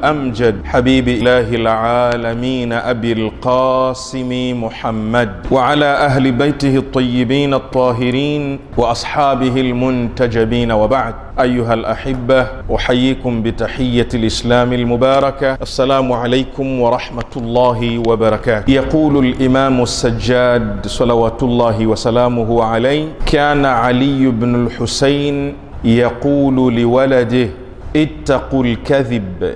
وأمجد حبيب إله العالمين أبي القاسم محمد وعلى أهل بيته الطيبين الطاهرين وأصحابه المنتجبين وبعد أيها الأحبة أحييكم بتحية الإسلام المباركة السلام عليكم ورحمة الله وبركاته يقول الإمام السجاد صلوات الله وسلامه عليه كان علي بن الحسين يقول لولده اتقوا الكذب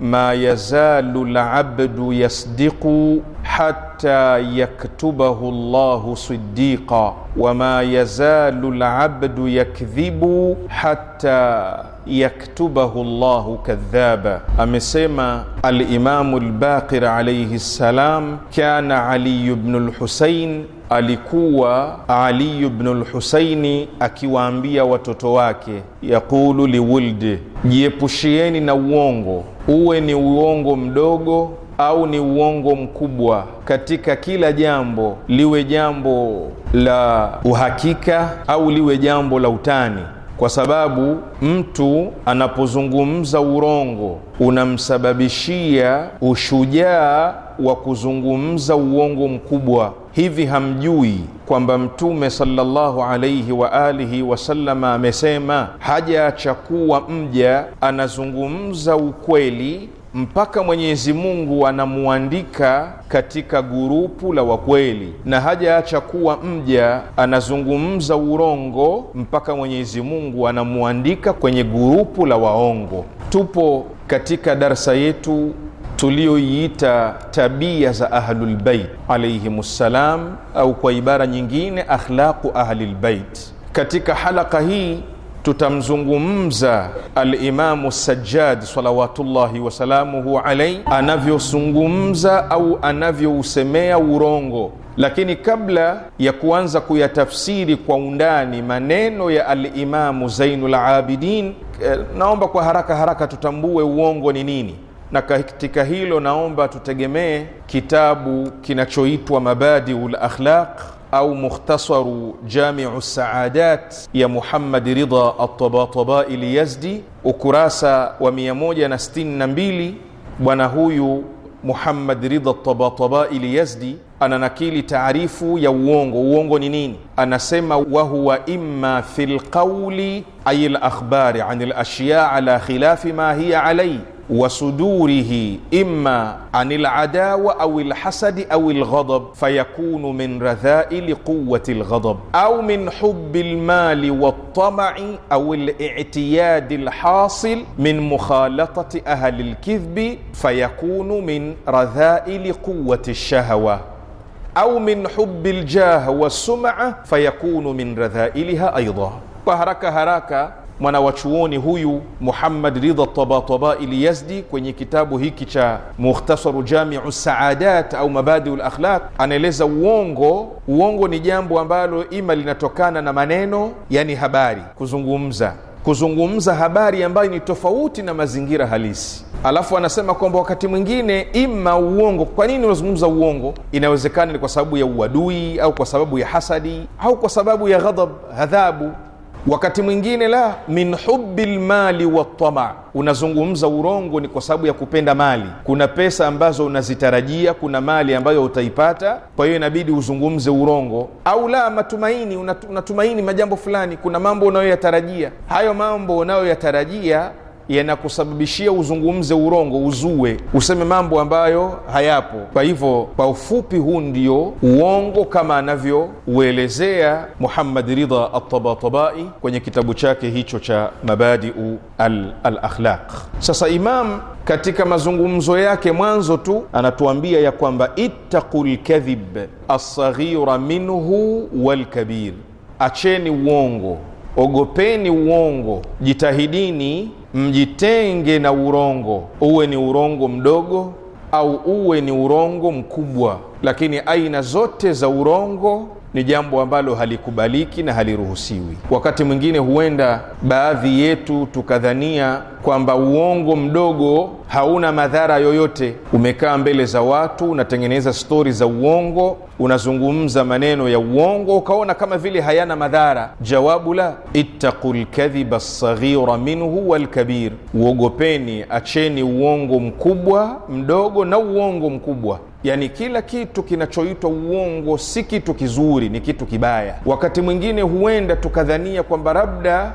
ما يزال العبد يصدق حتى يكتبه الله صديقا وما يزال العبد يكذب حتى yaktubahu llahu kadhaba. Amesema Alimamu Lbaqir alaihi ssalam, kana Aliyu bnu lhusain, alikuwa Aliyu bnu lhusaini akiwaambia watoto wake, yaqulu liwuldi, jiepushieni na uongo, uwe ni uongo mdogo au ni uongo mkubwa katika kila jambo, liwe jambo la uhakika au liwe jambo la utani kwa sababu mtu anapozungumza urongo unamsababishia ushujaa wa kuzungumza uongo mkubwa. Hivi hamjui kwamba Mtume sallallahu alaihi wa alihi wasallama amesema, hajaacha kuwa mja anazungumza ukweli mpaka Mwenyezi Mungu anamuandika katika gurupu la wakweli, na hajaacha kuwa mja anazungumza urongo mpaka Mwenyezi Mungu anamuandika kwenye gurupu la waongo. Tupo katika darsa yetu tuliyoiita tabia za Ahlulbeit ssalam, au kwa ibara nyingine akhlaqu Ahlilbeit. Katika halaka hii tutamzungumza Alimamu Sajjad salawatullahi wasalamuhu alaihi anavyozungumza au anavyousemea urongo lakini kabla ya kuanza kuyatafsiri kwa undani maneno ya Alimamu Zainul Abidin, eh, naomba kwa haraka haraka tutambue uongo ni nini, na katika hilo naomba tutegemee kitabu kinachoitwa Mabadiul Akhlaq au mukhtasaru jamiu saadat ya Muhammad Ridha At-Tabatabai Lyazdi, ukurasa wa 162. Bwana huyu Muhammad Ridha At-Tabatabai Lyazdi ananakili taarifu ya uongo. Uongo ni nini? Anasema wa huwa imma fi lqauli ay lakhbari an lashya ala khilafi ma hiya alai وصدوره إما عن العداوة أو الحسد أو الغضب فيكون من رذائل قوة الغضب أو من حب المال والطمع أو الاعتياد الحاصل من مخالطة أهل الكذب فيكون من رذائل قوة الشهوة أو من حب الجاه والسمعة فيكون من رذائلها أيضا kwa haraka mwanawachuoni huyu Muhammad Ridha Tabatabai Yazdi kwenye kitabu hiki cha Mukhtasaru Jamiu Saadat au Mabadiu Lakhlaq anaeleza uongo. Uongo ni jambo ambalo ima linatokana na maneno, yani habari, kuzungumza kuzungumza habari ambayo ni tofauti na mazingira halisi. Alafu anasema kwamba wakati mwingine ima uongo. Kwa nini unazungumza uongo? Inawezekana ni kwa sababu ya uadui au kwa sababu ya hasadi au kwa sababu ya ghadhab, adhabu wakati mwingine la min hubi lmali watama, unazungumza urongo ni kwa sababu ya kupenda mali. Kuna pesa ambazo unazitarajia, kuna mali ambayo utaipata, kwa hiyo inabidi uzungumze urongo. Au la matumaini, unatumaini majambo fulani, kuna mambo unayoyatarajia. Hayo mambo unayoyatarajia yanakusababishia uzungumze urongo, uzue, useme mambo ambayo hayapo. Kwa hivyo, kwa ufupi, huu ndio uongo kama anavyouelezea Muhammad Ridha Altabatabai kwenye kitabu chake hicho cha Mabadiu Alakhlaq al sasa Imam katika mazungumzo yake mwanzo tu anatuambia ya kwamba ittaqu lkadhib alsaghira minhu walkabir, acheni uongo, ogopeni uongo, jitahidini mjitenge na urongo, uwe ni urongo mdogo au uwe ni urongo mkubwa, lakini aina zote za urongo ni jambo ambalo halikubaliki na haliruhusiwi. Wakati mwingine huenda baadhi yetu tukadhania kwamba uongo mdogo hauna madhara yoyote. Umekaa mbele za watu, unatengeneza stori za uongo, unazungumza maneno ya uongo, ukaona kama vile hayana madhara. Jawabu la ittaqu lkadhiba lsaghira minhu walkabir, uogopeni, acheni uongo mkubwa, mdogo na uongo mkubwa yaani kila kitu kinachoitwa uongo si kitu kizuri, ni kitu kibaya. Wakati mwingine huenda tukadhania kwamba labda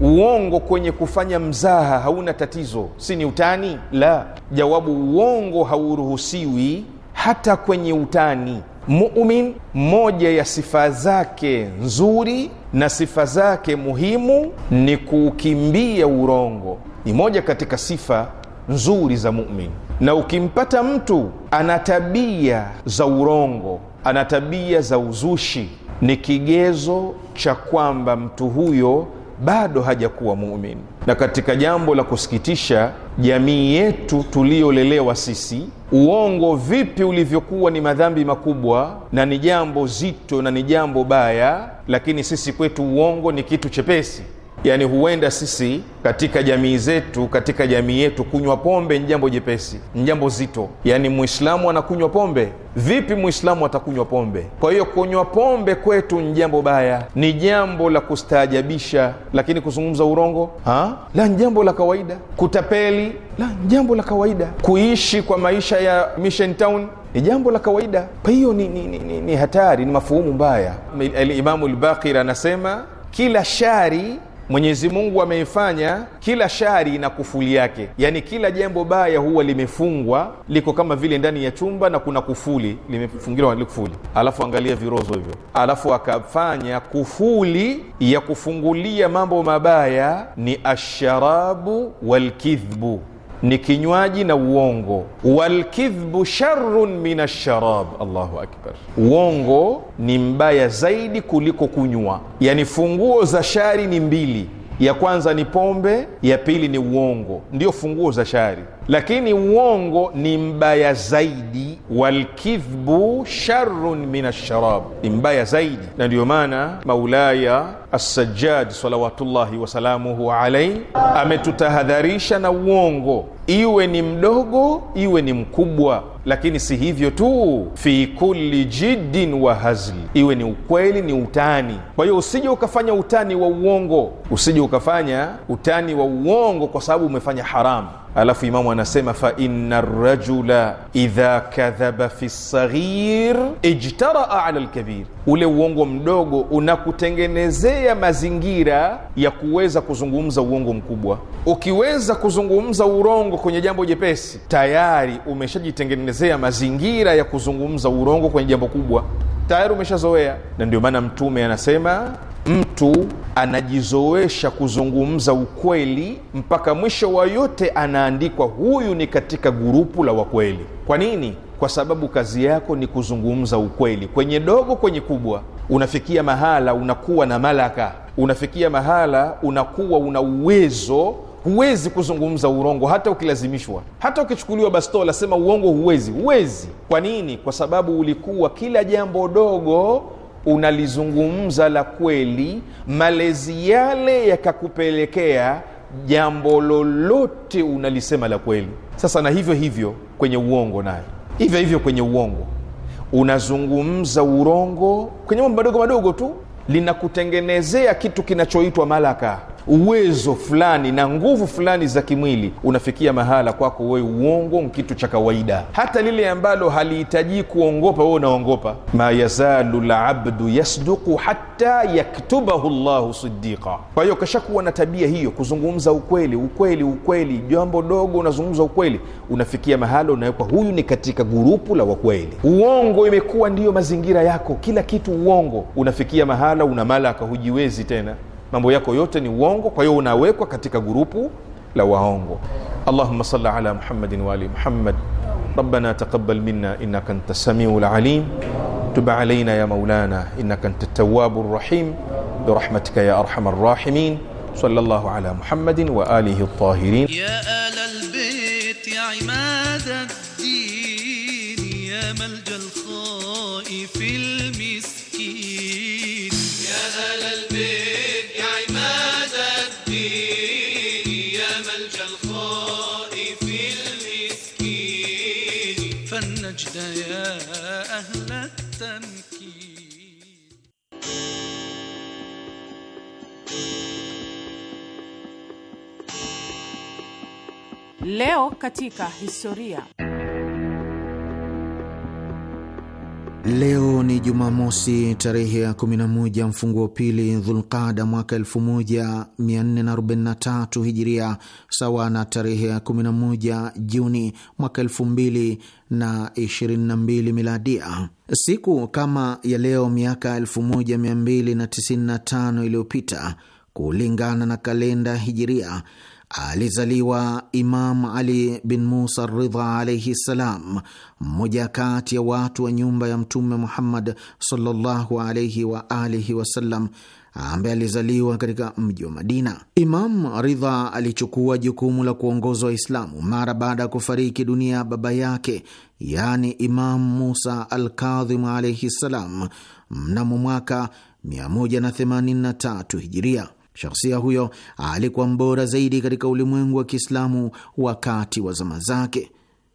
uongo kwenye kufanya mzaha hauna tatizo, si ni utani? La, jawabu uongo hauruhusiwi hata kwenye utani. Mumin, moja ya sifa zake nzuri na sifa zake muhimu ni kuukimbia urongo, ni moja katika sifa nzuri za mumin na ukimpata mtu ana tabia za urongo, ana tabia za uzushi, ni kigezo cha kwamba mtu huyo bado hajakuwa muumini. Na katika jambo la kusikitisha, jamii yetu tuliyolelewa sisi, uongo vipi ulivyokuwa ni madhambi makubwa na ni jambo zito na ni jambo baya, lakini sisi kwetu uongo ni kitu chepesi yani huenda sisi katika jamii zetu katika jamii yetu kunywa pombe ni jambo jepesi ni jambo zito yani mwislamu anakunywa pombe vipi mwislamu atakunywa pombe kwa hiyo kunywa pombe kwetu ni jambo baya ni jambo la kustaajabisha lakini kuzungumza urongo ha? la ni jambo la kawaida kutapeli la ni jambo la kawaida kuishi kwa maisha ya mission town ni jambo la kawaida kwa hiyo ni, ni, ni, ni, ni hatari ni mafuhumu mbaya alimamu lbakir anasema kila shari Mwenyezi Mungu ameifanya kila shari na kufuli yake, yaani kila jambo baya huwa limefungwa, liko kama vile ndani ya chumba na kuna kufuli limefungiwa na kufuli, alafu angalia virozo hivyo, alafu akafanya kufuli ya kufungulia mambo mabaya ni asharabu walkidhbu ni kinywaji na uongo. Walkidhbu sharun min alsharab, Allahu akbar. Uongo ni mbaya zaidi kuliko kunywa. Yani funguo za shari ni mbili, ya kwanza ni pombe, ya pili ni uongo, ndiyo funguo za shari. Lakini uongo ni mbaya zaidi, walkidhbu sharun min alsharab, ni mbaya zaidi. Na ndiyo maana Maulaya Assajjad salawatullahi wasalamuhu alaihi ametutahadharisha na uongo, iwe ni mdogo iwe ni mkubwa. Lakini si hivyo tu, fi kulli jiddin wa hazli, iwe ni ukweli ni utani. Kwa hiyo usije ukafanya utani wa uongo, usije ukafanya utani wa uongo kwa sababu umefanya haramu alafu imamu anasema fa inna rajula idha kadhaba fi lsaghir ijtaraa ala lkabir, ule uongo mdogo unakutengenezea mazingira ya kuweza kuzungumza uongo mkubwa. Ukiweza kuzungumza urongo kwenye jambo jepesi, tayari umeshajitengenezea mazingira ya kuzungumza urongo kwenye jambo kubwa, tayari umeshazoea. Na ndio maana Mtume anasema mtu anajizoesha kuzungumza ukweli mpaka mwisho wa yote anaandikwa huyu ni katika gurupu la wakweli. Kwa nini? Kwa sababu kazi yako ni kuzungumza ukweli, kwenye dogo, kwenye kubwa. Unafikia mahala unakuwa na malaka, unafikia mahala unakuwa una uwezo huwezi kuzungumza urongo hata ukilazimishwa, hata ukichukuliwa bastola, sema uongo, huwezi, huwezi. Kwa nini? Kwa sababu ulikuwa kila jambo dogo unalizungumza la kweli, malezi yale yakakupelekea jambo lolote unalisema la kweli. Sasa na hivyo hivyo kwenye uongo, naye hivyo hivyo kwenye uongo, unazungumza urongo kwenye mambo madogo madogo tu, linakutengenezea kitu kinachoitwa malaka uwezo fulani na nguvu fulani za kimwili, unafikia mahala kwako wewe uongo ni kitu cha kawaida, hata lile ambalo halihitajii kuongopa wewe unaongopa. ma yazalu labdu yasduku hata yaktubahu llahu sidiqa. Kwa hiyo ukishakuwa na tabia hiyo, kuzungumza ukweli, ukweli, ukweli, jambo dogo unazungumza ukweli, unafikia mahala unawekwa, huyu ni katika gurupu la wakweli. Uongo imekuwa ndiyo mazingira yako, kila kitu uongo. Unafikia mahala una malaka, hujiwezi tena. mambo yako yote ni uongo kwa hiyo unawekwa katika gurupu la waongo allahuma sali ala muhammadin waali muhammad ربنا تقبل منا انك انت السميع العليم تب علينا يا مولانا انك انت التواب الرحيم برحمتك يا ارحم الراحمين صلى الله على محمد واله الطاهرين يا ال البيت يا عماد الدين يا ملجا الخائفين Leo katika historia. Leo ni Jumamosi tarehe ya 11 mfungu wa pili Dhulqada mwaka 1443 Hijiria, sawa na tarehe ya 11 Juni mwaka 2022 Miladia. Siku kama ya leo miaka 1295 iliyopita kulingana na kalenda Hijiria Alizaliwa Imam Ali bin Musa Ridha alaihi ssalam, mmoja kati ya watu wa nyumba ya Mtume Muhammad sallallahu alaihi wa alihi wasallam ambaye alizaliwa katika mji wa Madina. Imam Ridha alichukua jukumu la kuongoza Waislamu mara baada ya kufariki dunia ya baba yake, yaani Imam Musa Alkadhim alaihi ssalam mnamo mwaka 183 hijiria. Shahsia huyo alikuwa mbora zaidi katika ulimwengu wa Kiislamu wakati wa zama zake.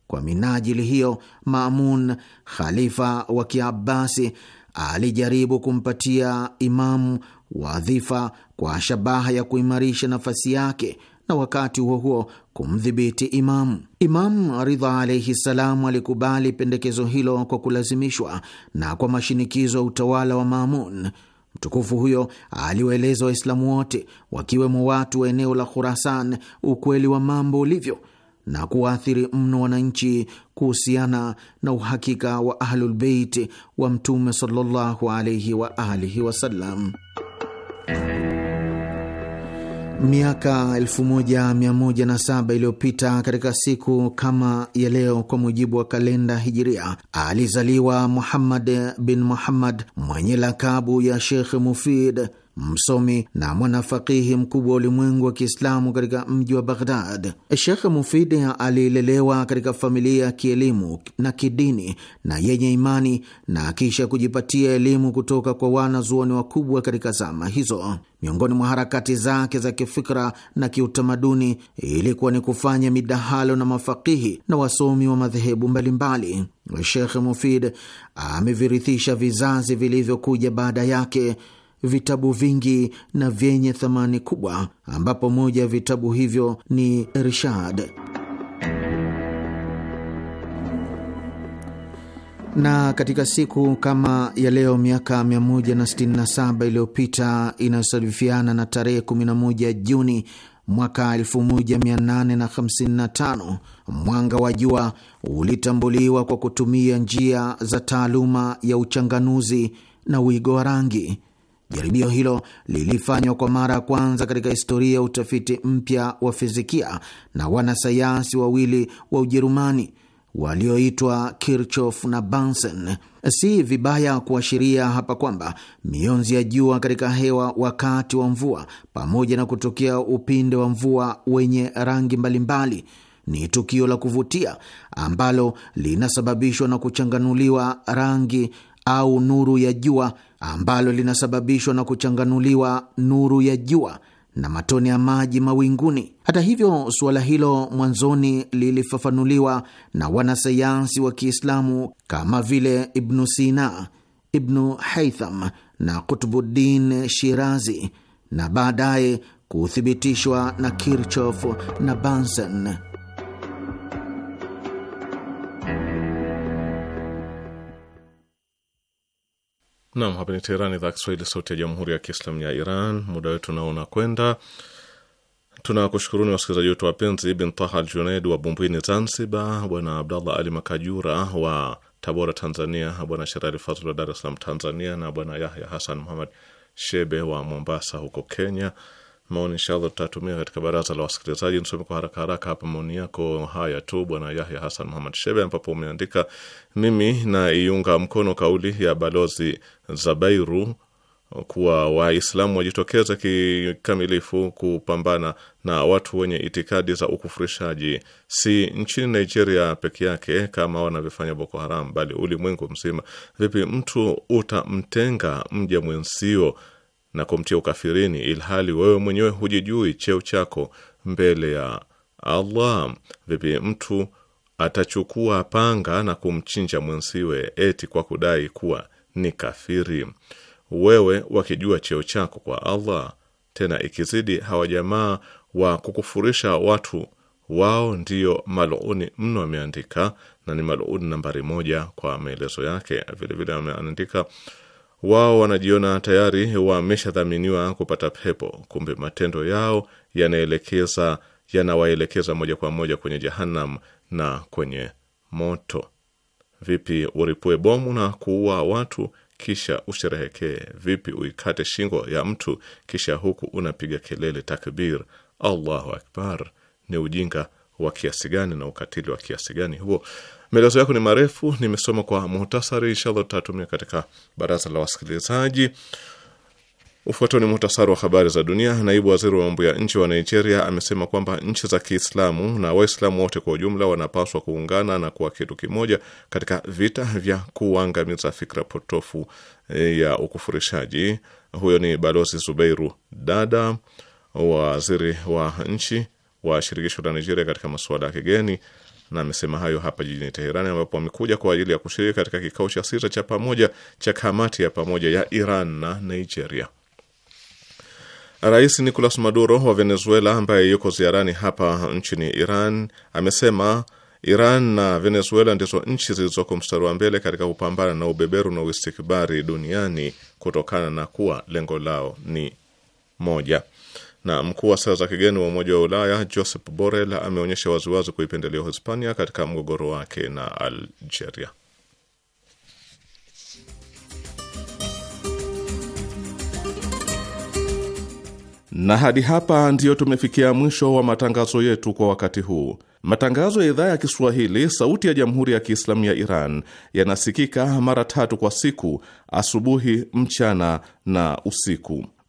Kwa minajili hiyo, Mamun khalifa wa Kiabasi alijaribu kumpatia imamu wadhifa kwa shabaha ya kuimarisha nafasi yake na wakati huo huo kumdhibiti imamu. Imamu Ridha alaihi salam alikubali pendekezo hilo kwa kulazimishwa na kwa mashinikizo ya utawala wa Mamun. Mtukufu huyo aliwaeleza Waislamu wote wakiwemo watu wa eneo la Khurasan ukweli wa mambo ulivyo na kuwaathiri mno wananchi kuhusiana na uhakika wa Ahlulbeit wa Mtume sallallahu alaihi wa alihi wasallam. Miaka 1107 iliyopita katika siku kama ya leo, kwa mujibu wa kalenda Hijiria, alizaliwa Muhammad bin Muhammad mwenye lakabu ya Sheikh Mufid msomi na mwanafakihi mkubwa wa ulimwengu wa Kiislamu katika mji wa Baghdad. Shekh Mufidi alilelewa katika familia ya kielimu na kidini na yenye imani na kisha kujipatia elimu kutoka kwa wanazuoni wakubwa katika zama hizo. Miongoni mwa harakati zake za kifikra na kiutamaduni ilikuwa ni kufanya midahalo na mafakihi na wasomi wa madhehebu mbalimbali. Shekh Mufid amevirithisha vizazi vilivyokuja baada yake vitabu vingi na vyenye thamani kubwa, ambapo moja ya vitabu hivyo ni Rishad. na katika siku kama ya leo miaka 167 iliyopita inayosalifiana na tarehe 11 Juni mwaka 1855 mwanga wa jua ulitambuliwa kwa kutumia njia za taaluma ya uchanganuzi na wigo wa rangi. Jaribio hilo lilifanywa kwa mara ya kwanza katika historia ya utafiti mpya wa fizikia na wanasayansi wawili wa Ujerumani walioitwa Kirchhoff na Bunsen. Si vibaya kuashiria hapa kwamba mionzi ya jua katika hewa wakati wa mvua, pamoja na kutokea upinde wa mvua wenye rangi mbalimbali, ni tukio la kuvutia ambalo linasababishwa na kuchanganuliwa rangi au nuru ya jua ambalo linasababishwa na kuchanganuliwa nuru ya jua na matone ya maji mawinguni. Hata hivyo, suala hilo mwanzoni lilifafanuliwa na wanasayansi wa Kiislamu kama vile Ibnu Sina, Ibnu Haitham na Kutbuddin Shirazi na baadaye kuthibitishwa na Kirchhoff na Bunsen. Nam, hapa ni Teherani, idhaa Kiswahili, sauti ya jamhuri ya kiislamu ya Iran. Muda wetu naona kwenda. Tunakushukuruni wasikilizaji wetu wapenzi, Ibn Taha Al Junaid wa Bumbwini, Zanzibar, Bwana Abdallah Ali Makajura wa Tabora, Tanzania, Bwana Sherali Fazl wa Dar es Salaam, Tanzania, na Bwana Yahya Hasan Muhamad Shebe wa Mombasa huko Kenya maoni inshallah tutatumia katika baraza la wasikilizaji. Nisome kwa haraka haraka hapa maoni yako haya tu. Bwana Yahya Hasan Muhamad Shebe, ambapo umeandika mimi naiunga mkono kauli ya balozi Zabairu kuwa Waislamu wajitokeze kikamilifu kupambana na watu wenye itikadi za ukufurishaji, si nchini Nigeria peke yake kama wanavyofanya Boko Haram, bali ulimwengu mzima. Vipi mtu utamtenga mja mwenzio na kumtia ukafirini, ilhali wewe mwenyewe hujijui cheo chako mbele ya Allah. Vipi mtu atachukua panga na kumchinja mwenziwe eti kwa kudai kuwa ni kafiri? Wewe wakijua cheo chako kwa Allah, tena ikizidi hawa jamaa wa kukufurisha watu wao ndiyo maluni mno, ameandika na ni maluni nambari moja kwa maelezo yake. Vilevile ameandika vile wao wanajiona tayari wameshadhaminiwa kupata pepo, kumbe matendo yao yanaelekeza yanawaelekeza moja kwa moja kwenye jahannam na kwenye moto. Vipi uripue bomu na kuua watu kisha usherehekee? Vipi uikate shingo ya mtu kisha huku unapiga kelele takbir, Allahu akbar? Ni ujinga wa kiasi gani na ukatili wa kiasi gani huo? Maelezo yako ni marefu, nimesoma kwa muhtasari. Inshallah tutatumia katika baraza la wasikilizaji. Ufuatao ni muhtasari wa habari za dunia. Naibu waziri wa mambo ya nchi wa Nigeria amesema kwamba nchi za Kiislamu na Waislamu wote kwa ujumla wanapaswa kuungana na kuwa kitu kimoja katika vita vya kuangamiza fikra potofu eh, ya ukufurishaji. Huyo ni Balozi Zubeiru Dada, waziri wa nchi wa shirikisho la Nigeria katika masuala ya kigeni na amesema hayo hapa jijini Teherani, ambapo amekuja kwa ajili ya kushiriki katika kikao cha sita cha pamoja cha kamati ya pamoja ya Iran na Nigeria. Rais Nicolas Maduro wa Venezuela, ambaye yuko ziarani hapa nchini Iran, amesema Iran na Venezuela ndizo nchi zilizoko mstari wa mbele katika kupambana na ubeberu na uistikbari duniani kutokana na kuwa lengo lao ni moja. Na mkuu wa sera za kigeni wa Umoja wa Ulaya Josep Borrell ameonyesha waziwazi kuipendelea Hispania katika mgogoro wake na Algeria. Na hadi hapa ndiyo tumefikia mwisho wa matangazo yetu kwa wakati huu. Matangazo ya idhaa ya Kiswahili sauti ya Jamhuri ya Kiislamu ya Iran yanasikika mara tatu kwa siku: asubuhi, mchana na usiku.